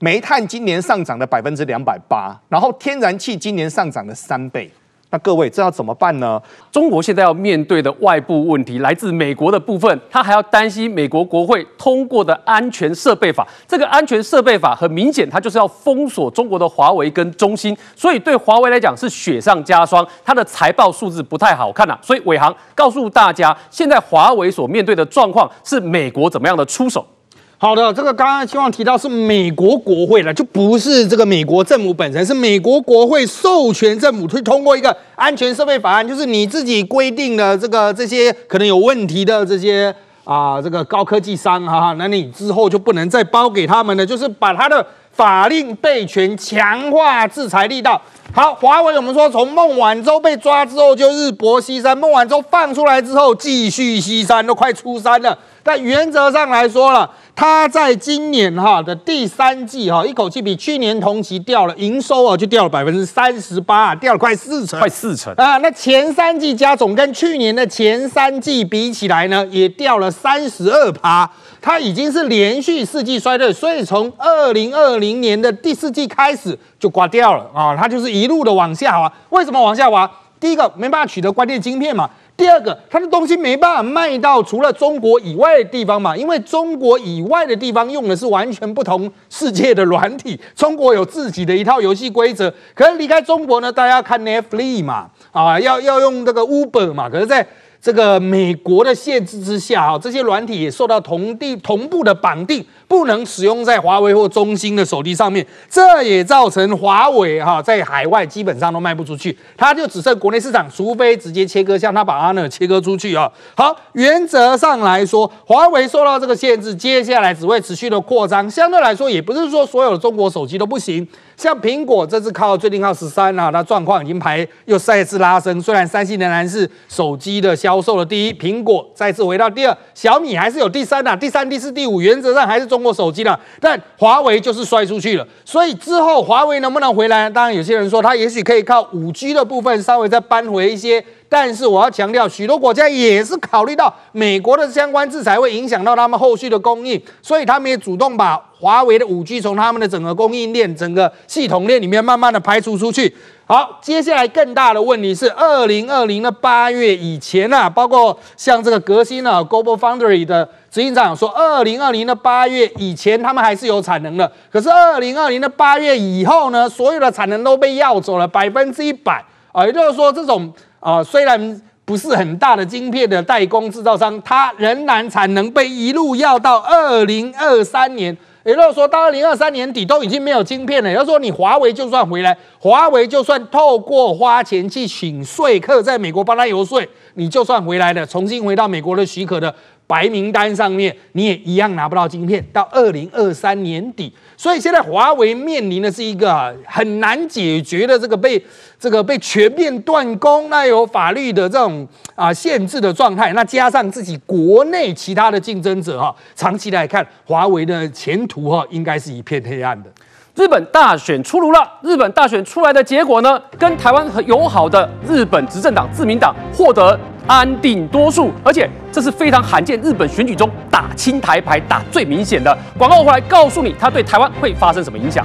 煤炭今年上漲了百分之兩百八，然後天然氣今年上漲了三倍。那各位這要怎麼辦呢？中國現在要面對的外部問題來自美國的部分，他還要擔心美國國會通過的安全設備法。這個安全設備法很明顯，它就是要封鎖中國的華為跟中興，所以對華為來講是雪上加霜，它的財報數字不太好看了啊。所以偉航告訴大家，現在華為所面對的狀況是美國怎麼樣的出手。好的，這個剛剛希望提到是美國國會了，就不是這個美國政府本身，是美國國會授權政府去通過一個安全設備法案，就是你自己規定的這個這些可能有問題的這些啊，這個高科技商，哈、啊、哈，那你之後就不能再包給他們了，就是把他的法令備權強化制裁力道。好，華為我們說從孟晚舟被抓之後就日薄西山，孟晚舟放出來之後繼續西山，都快出山了。但原則上來說了，它在今年哈的第三季哈，一口氣比去年同期掉了營收啊，就掉了百分之三十八，掉了快四成，快四成啊。那前三季加總跟去年的前三季比起來呢，也掉了三十二趴，它已經是連續四季衰退，所以從二零二零年的第四季開始就刮掉了啊，它就是一路的往下滑。為什麼往下滑？第一個沒辦法取得關鍵晶片嘛。第二個，他的東西沒辦法賣到除了中國以外的地方嘛，因為中國以外的地方用的是完全不同世界的軟體，中國有自己的一套遊戲規則。可是離開中國呢，大家看 Netflix 嘛，啊，要要用這個 Uber 嘛，可是，在。這個美國的限制之下，哈，這些軟體也受到同地同步的綁定，不能使用在華為或中興的手機上面。這也造成華為哈在海外基本上都賣不出去，它就只剩國內市場，除非直接切割，像它把它那切割出去啊。好，原則上來說，華為受到這個限制，接下來只會持續的擴張。相對來說，也不是說所有的中國手機都不行，像蘋果這次靠最近靠十三啊，它狀況已經排又再一次拉升，雖然三星仍然是手機的銷。銷售的第一，蘋果再次回到第二，小米還是有第三啊，第三、第四、第五，原則上還是中國手機了。但華為就是摔出去了，所以之後華為能不能回來？當然，有些人說他也許可以靠五 G 的部分稍微再扳回一些。但是我要強調，許多國家也是考慮到美國的相關制裁會影響到他們後續的供應，所以他們也主動把華為的五 G 從他們的整個供應鏈、整個系統鏈裡面慢慢的排除出去。好，接下來更大的問題是，二零二零的八月以前啊，包括像這個格芯呢、啊、，Global Foundry 的執行長說，二零二零的八月以前他們還是有產能的，可是二零二零的八月以後呢，所有的產能都被要走了百分之一百啊，也就是說這種。啊，雖然不是很大的晶片的代工製造商，它仍然產能被一路要到二零二三年，也就是說，到二零二三年底都已經沒有晶片了。要說你華為就算回來，華為就算透過花錢去請說客，在美國幫他遊說，你就算回來了，重新回到美國的許可的。白名單上面你也一樣拿不到晶片，到二零二三年底，所以現在華為面臨的是一個很難解決的這個被這個被全面斷供，那有法律的這種啊限制的狀態，那加上自己國內其他的競爭者哈、啊，長期來看，華為的前途哈、啊、應該是一片黑暗的。日本大選出爐了，日本大選出來的結果呢，跟台灣很友好的日本執政黨自民黨獲得。安定多數，而且這是非常罕見，日本選舉中打挺台牌打最明顯的廣告。回來告訴你，他對台灣會發生什麼影響。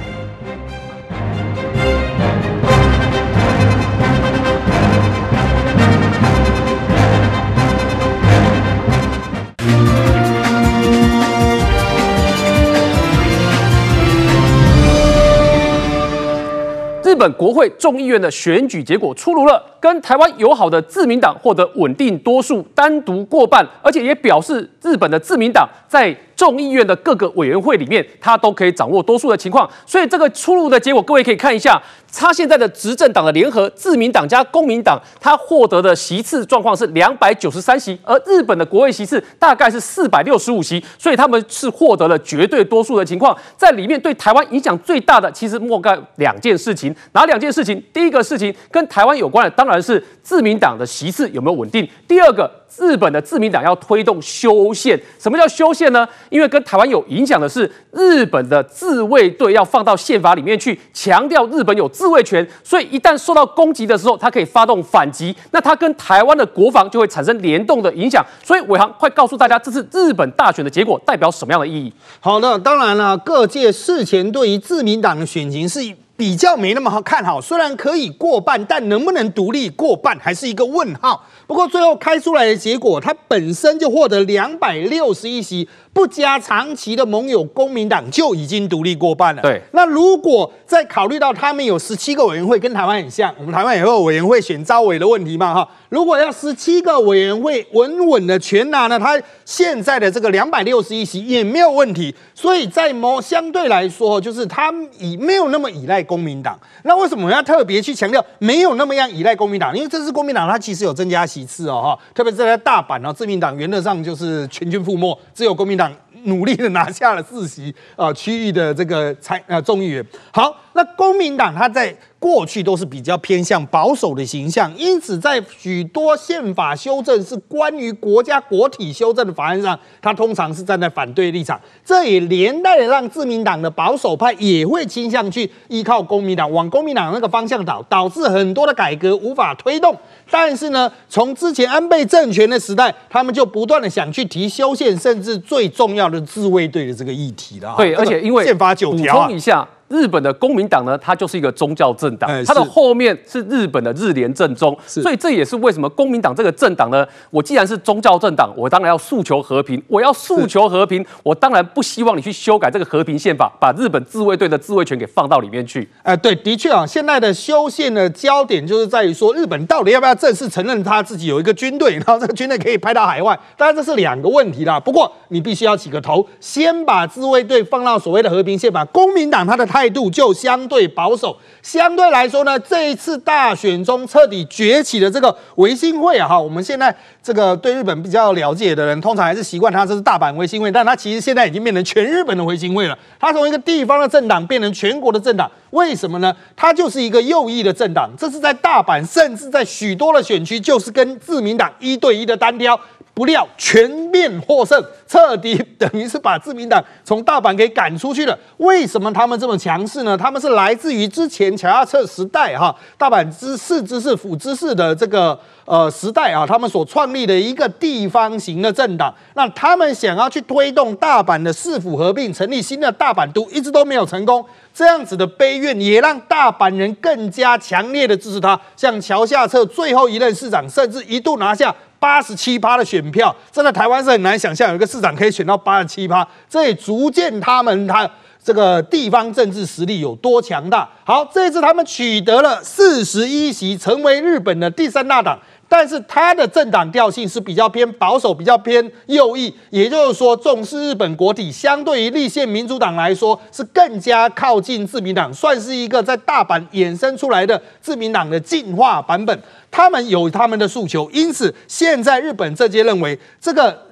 日本國會眾議院的選舉結果出爐了，跟台灣友好的自民黨獲得穩定多數，單獨過半，而且也表示日本的自民黨在眾議院的各個委員會裡面，他都可以掌握多數的情況。所以這個出爐的結果，各位可以看一下。他現在的執政黨的聯合自民黨加公民黨，他獲得的席次狀況是兩百九十三席，而日本的國會席次大概是四百六十五席，所以他們是獲得了絕對多數的情況。在裡面對台灣影響最大的，其實莫干兩件事情。哪兩件事情？第一個事情跟台灣有關的，當然是自民黨的席次有沒有穩定。第二個，日本的自民黨要推動修憲。什麼叫修憲呢？因為跟台灣有影響的是日本的自衛隊要放到憲法裡面去，強調日本有自。自衛權，所以一旦受到攻擊的時候，他可以發動反擊。那他跟台灣的國防就會產生聯動的影響。所以，偉航快告訴大家，這次日本大選的結果代表什麼樣的意義？好的，當然了，啊，各界事前對於自民黨的選情是比較沒那麼好看好，雖然可以過半，但能不能獨立過半還是一個問號。不過最後開出來的結果，它本身就獲得兩百六十一席。不加長期的盟友，公明黨就已經獨立過半了。對，那如果再考慮到他們有十七個委員會，跟台灣很像，我們台灣也會有委員會選召委的問題嘛，哈。如果要十七個委員會穩穩的全拿呢，他現在的這個兩百六十一席也沒有問題。所以在某，相對來說，就是他依沒有那麼依賴公明黨。那為什麼我要特別去強調沒有那麼樣依賴公明黨？因為這次公明黨，他其實有增加席次哦，哈。特別是在大阪哦，自民黨原則上就是全軍覆沒，只有公明黨努力的拿下了四席啊區域的這個參啊眾議員。好，那公民黨他在。過去都是比較偏向保守的形象，因此在許多憲法修正是關於國家國體修正的法案上，他通常是站在反對立場。這也連帶的讓自民黨的保守派也會傾向去依靠公民黨，往公民黨那個方向導，導致很多的改革無法推動。但是呢，從之前安倍政權的時代，他們就不斷的想去提修憲，甚至最重要的自衛隊的這個議題了對。對、哦，而且因為憲法九條補充，補充一下，日本的公民黨呢，它就是一個宗教政。政黨，它的後面是日本的日蓮正宗，所以這也是為什麼公民黨這個政黨呢？我既然是宗教政黨，我當然要訴求和平，我要訴求和平，我當然不希望你去修改這個和平憲法，把日本自衛隊的自衛權給放到裡面去。哎、呃，對，的確啊、哦，現在的修憲的焦點就是在於說，日本到底要不要正式承認他自己有一個軍隊，然後這個軍隊可以派到海外？當然這是兩個問題啦。不過你必須要起個頭，先把自衛隊放到所謂的和平憲法。公民黨他的態度就相對保守，相對來說呢，這一次大選中徹底崛起的這個維新會啊，哈，我們現在這個對日本比較了解的人，通常還是習慣它這是大阪維新會，但它其實現在已經變成全日本的維新會了。它從一個地方的政黨變成全國的政黨，為什麼呢？它就是一個右翼的政黨，這是在大阪，甚至在許多的選區，就是跟自民黨一對一的單挑。不料全面獲勝，徹底等於是把自民黨從大阪給趕出去了。為什麼他們這麼強勢呢？他們是來自於之前橋下徹時代哈，大阪知事知事府知事的這個呃時代啊，他們所創立的一個地方型的政黨。那他們想要去推動大阪的市府合併，成立新的大阪都，一直都沒有成功。這樣子的悲怨也讓大阪人更加強烈的支持他，像橋下徹最後一任市長，甚至一度拿下八十七趴的選票，真的台灣是很難想象有一個市長可以選到八十七趴，這也足見他們他這個地方政治實力有多強大。好，這次他們取得了四十一席，成為日本的第三大黨。但是他的政黨調性是比較偏保守、比較偏右翼，也就是說重視日本國體，相對於立憲民主黨來說是更加靠近自民黨，算是一個在大阪衍生出來的自民黨的進化版本。他們有他們的訴求，因此現在日本政界認為這個。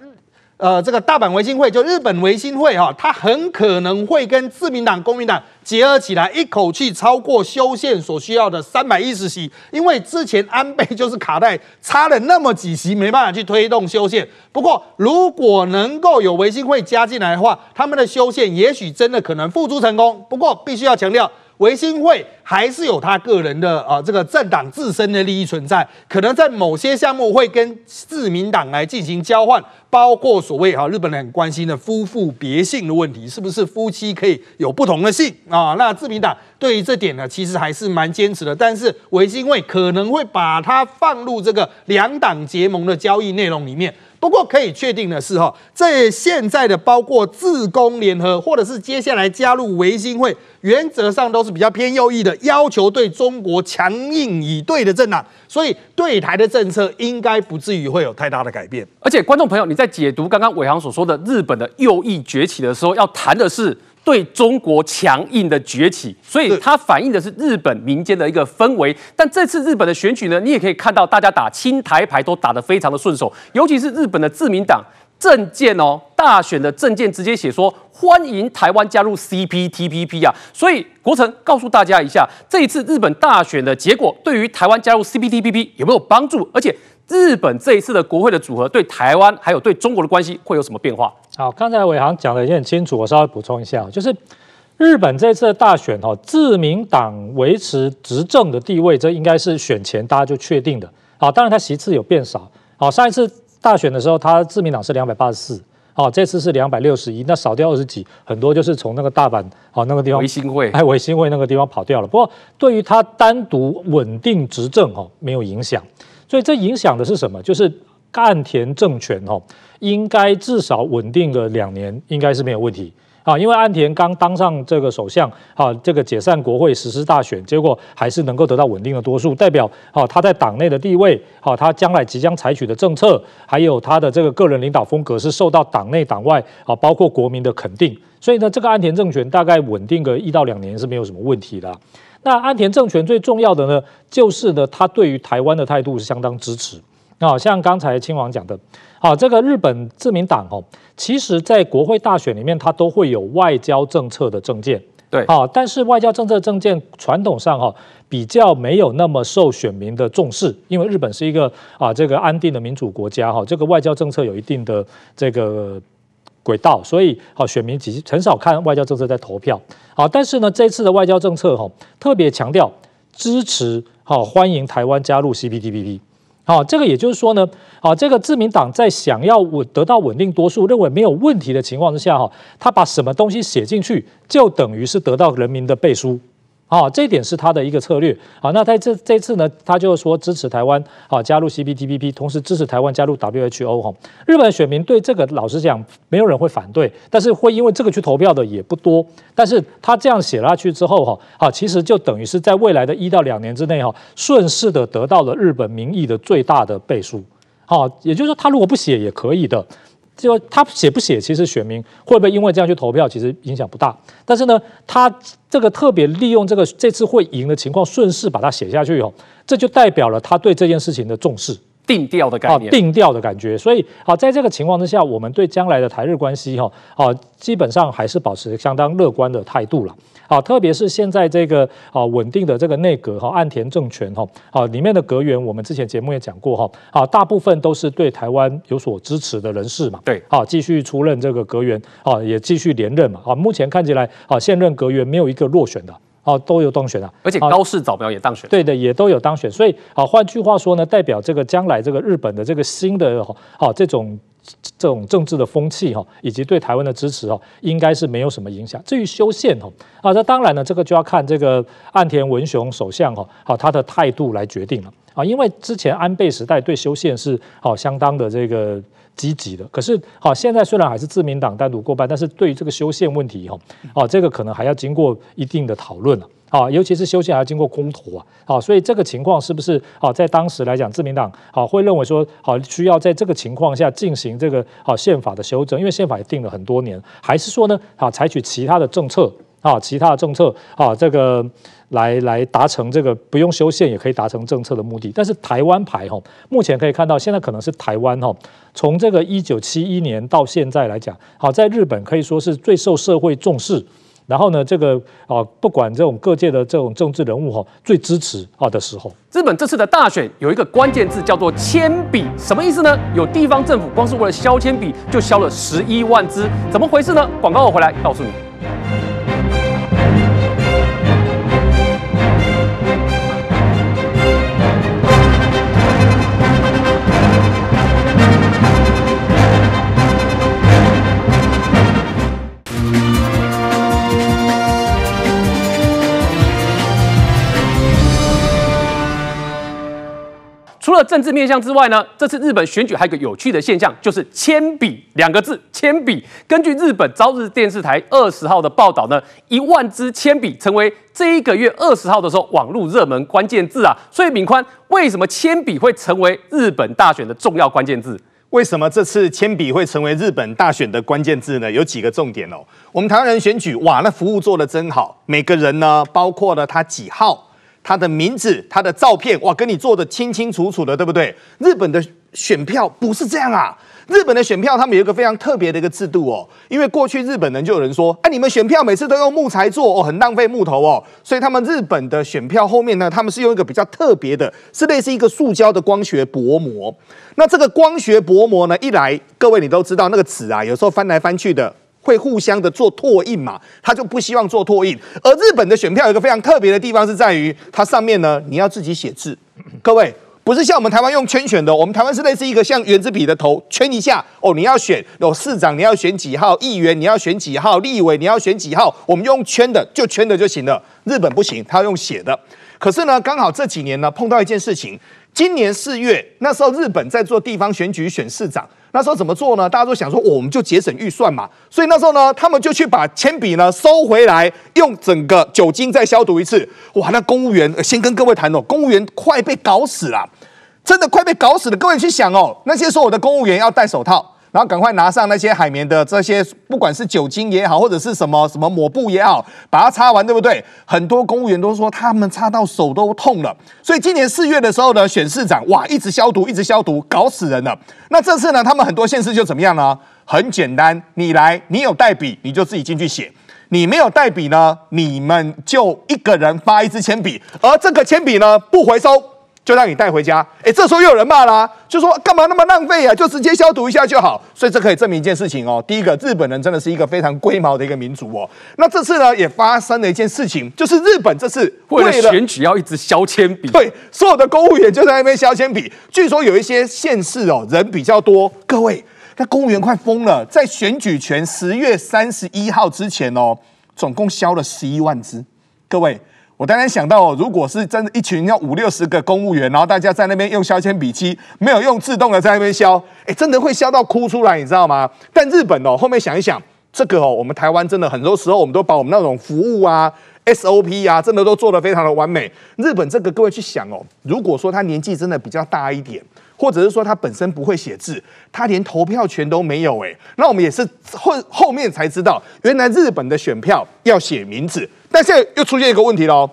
呃，這個大阪維新會就日本維新會哈、哦，它很可能會跟自民黨、公民黨結合起來，一口氣超過修憲所需要的三百一十席。因為之前安倍就是卡帶差了那麼幾席，沒辦法去推動修憲。不過，如果能夠有維新會加進來的話，他們的修憲也許真的可能付諸成功。不過必須要強調，必須要強調。維新會還是有他個人的，啊，這個政黨自身的利益存在，可能在某些項目會跟自民黨來進行交換，包括所謂啊日本人很關心的夫婦別姓的問題，是不是夫妻可以有不同的姓啊？那自民黨對於這點呢，其實還是蠻堅持的，但是維新會可能會把它放入這個兩黨結盟的交易內容裡面。不過可以確定的是，哈，在現在的包括自公聯合，或者是接下來加入維新會，原則上都是比較偏右翼的，要求對中國強硬以對的政黨，所以對台的政策應該不至於會有太大的改變。而且，觀眾朋友，你在解讀剛剛偉航所說的日本的右翼崛起的時候，要談的是。對中國強硬的崛起，所以它反映的是日本民間的一個氛圍。但這次日本的選舉呢，你也可以看到，大家打挺台牌都打得非常的順手，尤其是日本的自民黨。政見哦，大選的政見直接寫說歡迎台灣加入 C P T P P 啊，所以國城告訴大家一下，這一次日本大選的結果對於台灣加入 C P T P P 有沒有幫助？而且日本這一次的國會的組合對台灣還有對中國的關係會有什麼變化？好，剛才偉航講的也很清楚，我稍微補充一下，就是日本這次的大選哦，自民黨維持執政的地位，這應該是選前大家就確定的。好，當然它席次有變少，好上一次。大選的時候，他自民黨是兩百八十四，好，這次是兩百六十一，那少掉二十幾，很多就是從那個大阪，好、哦、那個地方維新會，維新會那個地方跑掉了。不過對於他單獨穩定執政、哦，哈，沒有影響。所以這影響的是什麼？就是岸田政權、哦，哈，應該至少穩定個兩年，應該是沒有問題。啊，因為岸田剛當上這個首相，啊，這個解散國會實施大選，結果還是能夠得到穩定的多數，代表啊他在黨內的地位，他將來即將採取的政策，還有他的這個個人領導風格是受到黨內黨外啊包括國民的肯定，所以呢，這個岸田政權大概穩定個一到兩年是沒有什麼問題的。那岸田政權最重要的呢，就是呢他對於台灣的態度是相當支持。那像剛才親王講的，啊，這個日本自民黨哦，其實，在國會大選裡面，它都會有外交政策的政見，對，啊，但是外交政策政見傳統上哈，比較沒有那麼受選民的重視，因為日本是一個啊，這個安定的民主國家哈，這個外交政策有一定的這個軌道，所以啊，選民極其很少看外交政策在投票，啊，但是呢，這次的外交政策哈，特別強調支持哈，歡迎台灣加入 CPTPP。好、哦，這個也就是說呢，好、哦，這個自民黨在想要穩得到穩定多數，認為沒有問題的情況之下，哈、哦，他把什麼東西寫進去，就等於是得到人民的背書。啊，這一點是他的一個策略。好，那他這這次呢，他就說支持台灣啊加入 CPTPP，同時支持台灣加入 WHO。哈，日本選民對這個老實講，沒有人會反對，但是會因為這個去投票的也不多。但是他這樣寫下去之後，哈，啊，其實就等於是在未來的一到兩年之內，哈，順勢的得到了日本民意的最大的背書。好，也就是說，他如果不寫也可以的。就他寫不寫，其實選民會不會因為這樣去投票，其實影響不大。但是呢，他這個特別利用這個這次會贏的情況，順勢把它寫下去，哦，這就代表了他對這件事情的重視。定調的感覺、啊，定調的感覺，所以，好、啊，在這個情況之下，我們對將來的台日關係，哈，啊，基本上還是保持相當樂觀的態度了，啊，特別是現在這個啊穩定的這個內閣，哈、啊，岸田政權，哈，啊，裡面的閣員，我們之前節目也講過，哈，啊，大部分都是對台灣有所支持的人士嘛，對，啊，繼續出任這個閣員，啊，也繼續連任嘛，啊，目前看起來，啊，現任閣員沒有一個落選的。哦，都有當選了，而且高市早苗也當選。對的，也都有當選。所以啊，換句話說呢，代表這個將來這個日本的這個新的哈，這種這種政治的風氣哈，以及對台灣的支持哈，應該是沒有什麼影響。至於修憲哈，啊，那當然呢，這個就要看這個岸田文雄首相哈，啊他的態度來決定了。啊，因為之前安倍時代對修憲是好相當的這個積極的，可是好現在雖然還是自民黨單獨過半，但是對於這個修憲問題哈，啊這個可能還要經過一定的討論啊，尤其是修憲還要經過公投啊，啊所以這個情況是不是啊在當時來講自民黨啊會認為說好需要在這個情況下進行這個好憲法的修正，因為憲法也定了很多年，還是說呢啊採取其他的政策？啊，其他的政策啊，這個來來達成這個不用修憲也可以達成政策的目的。但是台灣牌哈，目前可以看到，現在可能是台灣哈，從這個一九七一年到現在來講，好，在日本可以說是最受社會重視。然後呢，這個啊，不管這種各界的這種政治人物哈，最支持啊的時候。日本這次的大選有一個關鍵字叫做鉛筆，什麼意思呢？有地方政府光是為了削鉛筆就削了十一萬支，怎麼回事呢？廣告我回來告訴你。除了政治面向之外呢，這次日本選舉還有一個有趣的現象，就是“鉛筆”兩個字。鉛筆，根據日本朝日電視台二十號的報道呢，一萬支鉛筆成為這一個月二十號的時候網絡熱門關鍵字啊。所以敏寬，為什麼鉛筆會成為日本大選的重要關鍵字？為什麼這次鉛筆會成為日本大選的關鍵字呢？有幾個重點哦。我們台灣人選舉哇，那服務做得真好，每個人呢，包括了他幾號。他的名字、他的照片，哇，跟你做得清清楚楚的，對不對？日本的選票不是這樣啊！日本的選票他們有一個非常特別的一個制度哦，因為過去日本人就有人說，哎、啊，你們選票每次都用木材做，哦，很浪費木頭哦，所以他們日本的選票後面呢，他們是用一個比較特別的，是類似一個塑膠的光學薄膜。那這個光學薄膜呢，一來，各位你都知道那個紙啊，有時候翻來翻去的。會互相的做拓印嘛？他就不希望做拓印。而日本的選票有一個非常特別的地方，是在於它上面呢，你要自己寫字。各位，不是像我們台灣用圈選的，我們台灣是類似一個像原子筆的頭圈一下哦，你要選有市長，你要選幾號，議員你要選幾號，立委你要選幾號，我們用圈的就圈的就行了。日本不行，他要用寫的。可是呢，剛好這幾年呢，碰到一件事情。今年四月，那時候日本在做地方選舉，選市長，那時候怎麼做呢？大家都想說，我們就節省預算嘛，所以那時候呢，他們就去把鉛筆呢收回來，用整個酒精再消毒一次。哇，那公務員先跟各位談哦，公務員快被搞死了，真的快被搞死了。各位去想哦，那些說我的公務員要戴手套。然後趕快拿上那些海綿的這些，不管是酒精也好，或者是什麼什麼抹布也好，把它擦完，對不對？很多公務員都說他們擦到手都痛了。所以今年四月的時候呢，選市長，哇，一直消毒，一直消毒，搞死人了。那這次呢，他們很多縣市就怎麼樣呢？很簡單，你來，你有帶筆你就自己進去寫，你沒有帶筆呢，你們就一個人發一支鉛筆，而這個鉛筆呢不回收。就讓你帶回家，誒這時候又有人罵啦、啊，就說幹嘛那麼浪費呀、啊？就直接消毒一下就好。所以這可以證明一件事情哦。第一個，日本人真的是一個非常龜毛的一個民族哦。那這次呢，也發生了一件事情，就是日本這次為了選舉要一直削鉛筆，對，所有的公務員就在那邊削鉛筆。據說有一些縣市哦，人比較多，各位，那公務員快瘋了。在選舉前十月三十一號之前哦，總共削了十一萬支，各位。我當然想到哦，如果是真的一群要五六十個公務員，然後大家在那邊用削鉛筆機，沒有用自動的在那邊削，哎，欸，真的會削到哭出來，你知道嗎？但日本哦，後面想一想，這個哦，我們台灣真的很多時候，我們都把我們那種服務啊、SOP 啊，真的都做得非常的完美。日本這個各位去想哦，如果說他年紀真的比較大一點，或者是說他本身不會寫字，他連投票權都沒有，欸，哎，那我們也是後後面才知道，原來日本的選票要寫名字。但是又出現一個問題嘍，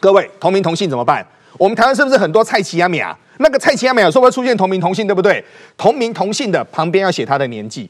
各位同名同姓怎麼辦？我們台灣是不是很多菜市仔名啊？那個菜市仔名有沒有會不會出現同名同姓？對不對？同名同姓的旁邊要寫他的年紀，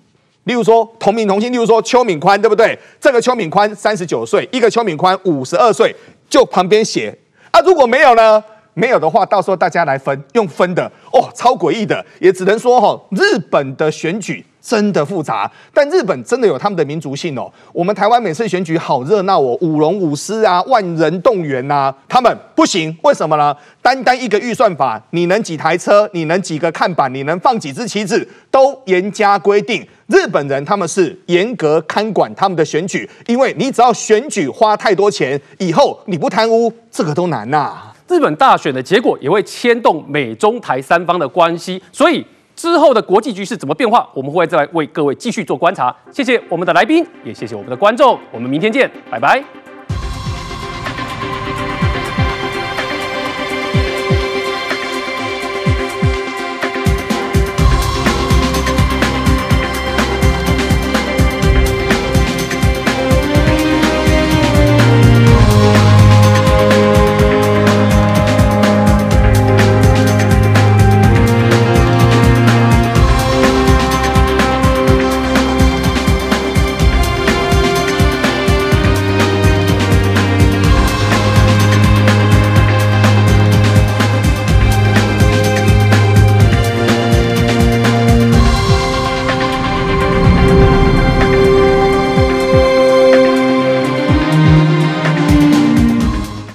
例如說同名同姓，例如說邱敏寬，對不對？這個邱敏寬三十九歲，一個邱敏寬五十二歲，就旁邊寫啊。如果沒有呢？沒有的話，到時候大家來分用分的哦，超詭異的，也只能說哈、哦，日本的選舉。真的複雜，但日本真的有他們的民族性哦。我們台灣每次選舉好熱鬧哦，舞龍舞獅啊，萬人動員吶、啊。他們不行，為什麼呢？單單一個預算法，你能幾台車？你能幾個看板？你能放幾支旗子？都嚴加規定。日本人他們是嚴格看管他們的選舉，因為你只要選舉花太多錢，以後你不貪污，這個都難吶、啊。日本大選的結果也會牽動美中台三方的關係，所以。之後的國際局勢怎麼變化？我們會再來為各位繼續做觀察。謝謝我們的來賓，也謝謝我們的觀眾。我們明天見，拜拜。